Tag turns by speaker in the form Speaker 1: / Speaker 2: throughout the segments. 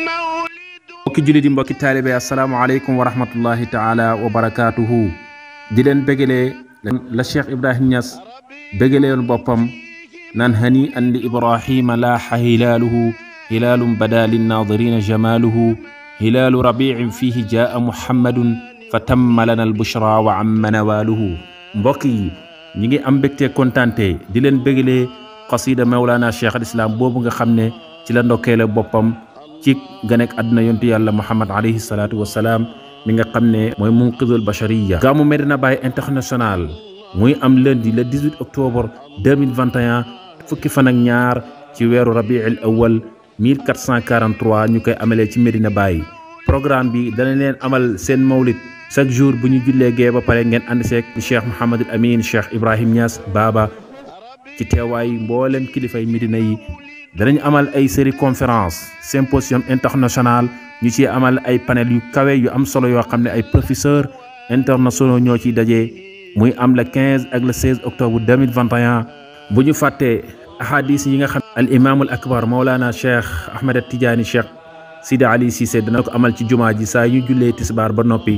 Speaker 1: mbokki jullit di leen bégalee la cheikh ibrahim ñas bégaleyoon boppam naan hani an li ibrahima laaxa hilaaluhu hilaalum bada linnadirina jamaaluhu hilaalu rabiin fiihi jaa muhammadun fa tamma lana albushra wa amma nawaaluhu mbokk yi ñi ngi am mbégte kontaante di leen bégalee xasida mawlaana cheikh al islam boobu nga xam ne ci la la boppam ci ganek àdduna yontu yàlla muhammad alayhi salaatu wasalaam mi nga xam ne mooy munqidul bashariya gàmmu Medina Baye international muy am lundi le 18 octobre 2021 fukki fan ak ñaar ci weeru rabiul awal 1443 ñu koy amalee ci Medina Baye programme bi dana leen amal seen mawlid chaque jour bu ñu jullee gee ba pare ngeen ànd seeg cheikh Mouhamadul Amin cheikh Ibrahim Niass Baba ci teewaayu mbooleem kilifay Medina yi danañ amal ay série conférence symposium international ñu ci amal ay panel yu kawe yu am solo yoo xam ne ay professeurs internationaux ñoo ciy daje muy am le 15 ak le 16 octobre 2021 bu ñu fàttee ahadis yi nga xam al imaamul akbar maolana cheikh ahmed a tidiani cheikh sidi ali Cissé dana ko amal ci jumaa ji saa ñu jullee tisbaar ba noppi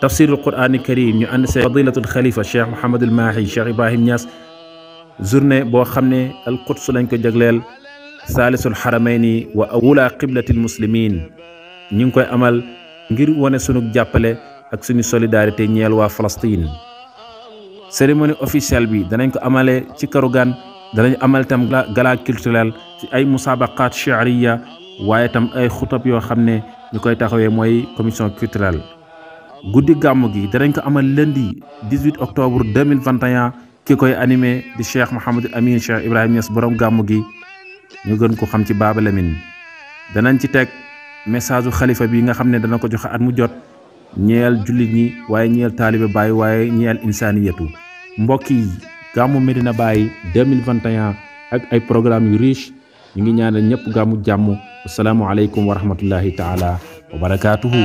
Speaker 1: tafsirul qur'aani karim ñu ànd see fadilatul xalifa cheikh mouhamadul maahi journée boo xam ne alquds lañ ko jagleel saalisul xaramayni wa awula qiblatil muslimin ñu ngi koy amal ngir wane sunu jàppale ak suñu solidarité ñeel waa Palestine cérémonie officielle bi danañ ko amale ci Karougan danañ amal tam gala culturel ci ay musabaqaat shi'riya waaye tam ay xutab yoo xam ne ñu koy taxawee mooy commission culturelle guddi gàmm gi danañ ko amal lundi 18 octobre 2021 ki koy animé di cheikh Mouhamadou Amine cheikh Ibrahima Niass borom gàmmu gi ñu gën ko xam ci Baaba danañ ci teg message u xalifa bi nga xam ne dana ko joxe at mu jot ñeel jullit ñi waaye ñeel taalibe Baay waaye ñeel insaniyatu mbokk yi gàmmu Medina bàyyi 2021 ak ay programme yu riche ñu ngi ñaanal ñëpp gàmmu jàmm asalaamu aleykum wa taala wa barakaatuhu